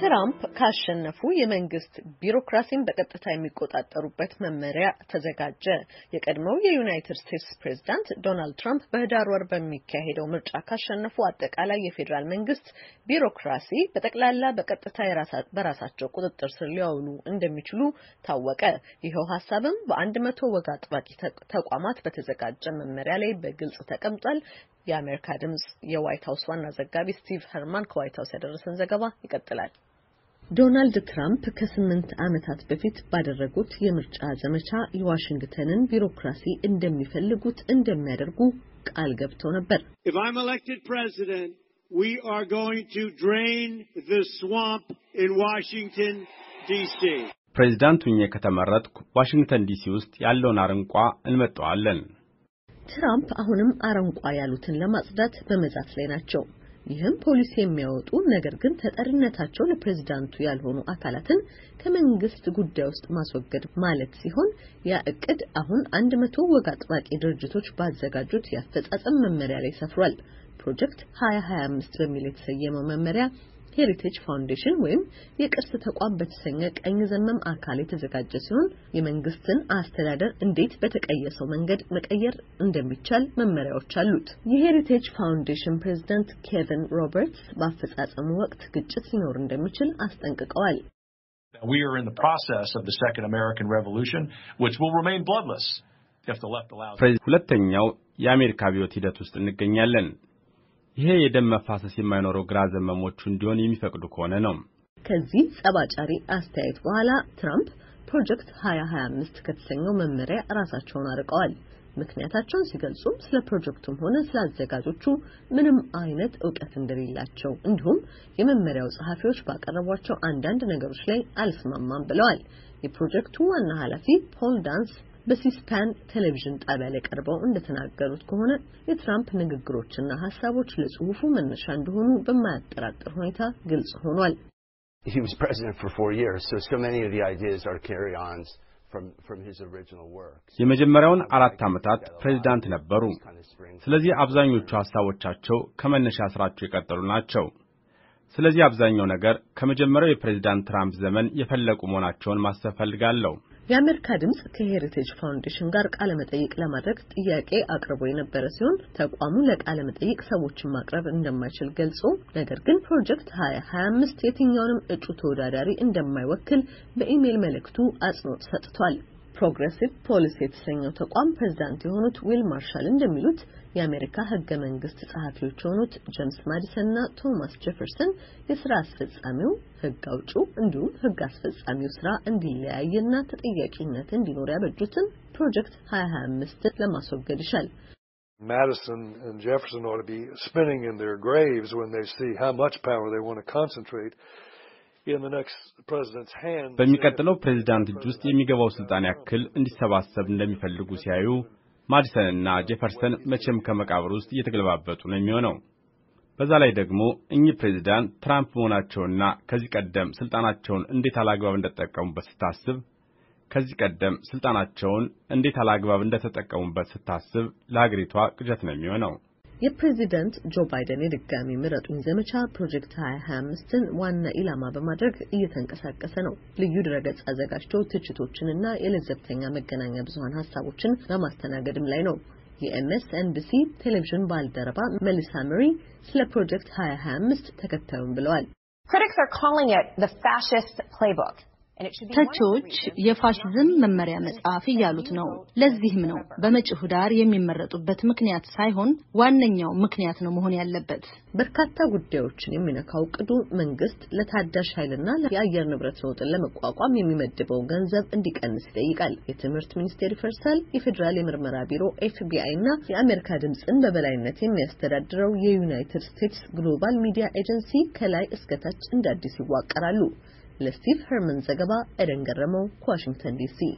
ትራምፕ ካሸነፉ የመንግስት ቢሮክራሲን በቀጥታ የሚቆጣጠሩበት መመሪያ ተዘጋጀ። የቀድሞው የዩናይትድ ስቴትስ ፕሬዝዳንት ዶናልድ ትራምፕ በህዳር ወር በሚካሄደው ምርጫ ካሸነፉ አጠቃላይ የፌዴራል መንግስት ቢሮክራሲ በጠቅላላ በቀጥታ በራሳቸው ቁጥጥር ስር ሊያውሉ እንደሚችሉ ታወቀ። ይኸው ሀሳብም በአንድ መቶ ወግ አጥባቂ ተቋማት በተዘጋጀ መመሪያ ላይ በግልጽ ተቀምጧል። የአሜሪካ ድምጽ የዋይት ሀውስ ዋና ዘጋቢ ስቲቭ ሄርማን ከዋይት ሀውስ ያደረሰን ዘገባ ይቀጥላል። ዶናልድ ትራምፕ ከስምንት ዓመታት በፊት ባደረጉት የምርጫ ዘመቻ የዋሽንግተንን ቢሮክራሲ እንደሚፈልጉት እንደሚያደርጉ ቃል ገብተው ነበር። ፕሬዚዳንት ሁኜ ከተመረጥኩ ዋሽንግተን ዲሲ ውስጥ ያለውን አረንቋ እንመጣዋለን። ትራምፕ አሁንም አረንቋ ያሉትን ለማጽዳት በመዛት ላይ ናቸው። ይህም ፖሊሲ የሚያወጡ ነገር ግን ተጠሪነታቸው ለፕሬዝዳንቱ ያልሆኑ አካላትን ከመንግስት ጉዳይ ውስጥ ማስወገድ ማለት ሲሆን ያ እቅድ አሁን አንድ መቶ ወግ አጥባቂ ድርጅቶች ባዘጋጁት የአፈጻጸም መመሪያ ላይ ሰፍሯል። ፕሮጀክት 2025 በሚል የተሰየመው መመሪያ ሄሪቴጅ ፋውንዴሽን ወይም የቅርስ ተቋም በተሰኘ ቀኝ ዘመም አካል የተዘጋጀ ሲሆን የመንግስትን አስተዳደር እንዴት በተቀየሰው መንገድ መቀየር እንደሚቻል መመሪያዎች አሉት። የሄሪቴጅ ፋውንዴሽን ፕሬዚደንት ኬቪን ሮበርትስ በአፈጻጸሙ ወቅት ግጭት ሊኖር እንደሚችል አስጠንቅቀዋል። We are in the process of the Second American Revolution, which will remain bloodless if the left allows. ሁለተኛው የአሜሪካ አብዮት ሂደት ውስጥ እንገኛለን። ይሄ የደም መፋሰስ የማይኖረው ግራ ዘመሞቹ እንዲሆን የሚፈቅዱ ከሆነ ነው። ከዚህ ጸባጫሪ አስተያየት በኋላ ትራምፕ ፕሮጀክት 2025 ከተሰኘው መመሪያ ራሳቸውን አርቀዋል። ምክንያታቸውን ሲገልጹም ስለ ፕሮጀክቱም ሆነ ስለ አዘጋጆቹ ምንም አይነት እውቀት እንደሌላቸው እንዲሁም የመመሪያው ጸሐፊዎች ባቀረቧቸው አንዳንድ ነገሮች ላይ አልስማማም ብለዋል። የፕሮጀክቱ ዋና ኃላፊ ፖል ዳንስ በሲስፓን ቴሌቪዥን ጣቢያ ላይ ቀርበው እንደተናገሩት ከሆነ የትራምፕ ንግግሮችና ሀሳቦች ለጽሁፉ መነሻ እንደሆኑ በማያጠራጥር ሁኔታ ግልጽ ሆኗል። የመጀመሪያውን አራት ዓመታት ፕሬዚዳንት ነበሩ። ስለዚህ አብዛኞቹ ሐሳቦቻቸው ከመነሻ ሥራቸው የቀጠሉ ናቸው። ስለዚህ አብዛኛው ነገር ከመጀመሪያው የፕሬዚዳንት ትራምፕ ዘመን የፈለቁ መሆናቸውን ማሰብ ፈልጋለሁ። የአሜሪካ ድምጽ ከሄሪቴጅ ፋውንዴሽን ጋር ቃለ መጠይቅ ለማድረግ ጥያቄ አቅርቦ የነበረ ሲሆን ተቋሙ ለቃለ መጠይቅ ሰዎችን ማቅረብ እንደማይችል ገልጾ ነገር ግን ፕሮጀክት 2025 የትኛውንም እጩ ተወዳዳሪ እንደማይወክል በኢሜይል መልእክቱ አጽንኦት ሰጥቷል። ፕሮግሬሲቭ ፖሊሲ የተሰኘው ተቋም ፕሬዚዳንት የሆኑት ዊል ማርሻል እንደሚሉት የአሜሪካ ህገ መንግስት ጸሐፊዎች የሆኑት ጄምስ ማዲሰን እና ቶማስ ጀፈርሰን የስራ አስፈጻሚው፣ ህግ አውጪው እንዲሁም ህግ አስፈጻሚው ስራ እንዲለያይና ተጠያቂነት እንዲኖር ያበጁትን ፕሮጀክት 2025 ለማስወገድ ይሻል። Madison and Jefferson ought to be spinning in their graves when they see how much power they want to concentrate በሚቀጥለው ፕሬዚዳንት እጅ ውስጥ የሚገባው ሥልጣን ያክል እንዲሰባሰብ እንደሚፈልጉ ሲያዩ ማዲሰንና ጄፈርሰን መቼም ከመቃብር ውስጥ እየተገለባበጡ ነው የሚሆነው። በዛ ላይ ደግሞ እኚህ ፕሬዚዳንት ትራምፕ መሆናቸውና ከዚህ ቀደም ሥልጣናቸውን እንዴት አላግባብ እንደተጠቀሙበት ስታስብ ከዚህ ቀደም ሥልጣናቸውን እንዴት አላግባብ እንደተጠቀሙበት ስታስብ ለአገሪቷ ቅዠት ነው የሚሆነው። የፕሬዚደንት ጆ ባይደን የድጋሚ ምረጡኝ ዘመቻ ፕሮጀክት 2025ን ዋና ኢላማ በማድረግ እየተንቀሳቀሰ ነው። ልዩ ድረገጽ አዘጋጅቶ ትችቶችንና የለዘብተኛ መገናኛ ብዙኃን ሀሳቦችን በማስተናገድም ላይ ነው። የኤምኤስኤንቢሲ ቴሌቪዥን ባልደረባ መሊሳ መሪ ስለ ፕሮጀክት 2025 ተከታዩም ብለዋል። Critics are calling it the ተቾች የፋሽዝም መመሪያ መጽሐፍ እያሉት ነው። ለዚህም ነው በመጪው ዳር የሚመረጡበት ምክንያት ሳይሆን ዋነኛው ምክንያት ነው መሆን ያለበት። በርካታ ጉዳዮችን የሚነካው ቅዱ መንግስት ለታዳሽ ኃይልና የአየር ንብረት ለውጥን ለመቋቋም የሚመድበው ገንዘብ እንዲቀንስ ይጠይቃል። የትምህርት ሚኒስቴር ይፈርሳል። የፌዴራል የምርመራ ቢሮ ኤፍቢአይ እና የአሜሪካ ድምፅን በበላይነት የሚያስተዳድረው የዩናይትድ ስቴትስ ግሎባል ሚዲያ ኤጀንሲ ከላይ እስከታች እንደ አዲስ ይዋቀራሉ። ለስቲቭ ኸርመን ዘገባ ኤደን ገረመው ከዋሽንግተን ዲሲ